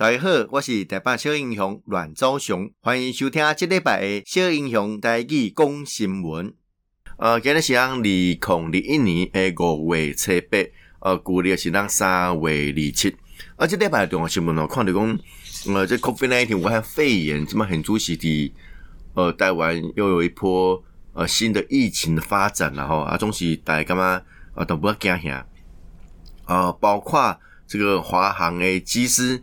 大家好，我是台北小英雄阮兆雄，歡迎收聽呢禮拜嘅小英雄台語講新聞。呃，今日是當二零二一年誒五月七八，呃，舊曆是當三月二七。啊、呃，呢禮拜嘅重要新聞我看到講，誒、呃，即係武漢肺炎，咁啊，很足時地，呃帶完又有一波呃新的疫情嘅發展啦，吼，啊，總是大家，都唔要驚吓。呃，包括這個華航嘅機師。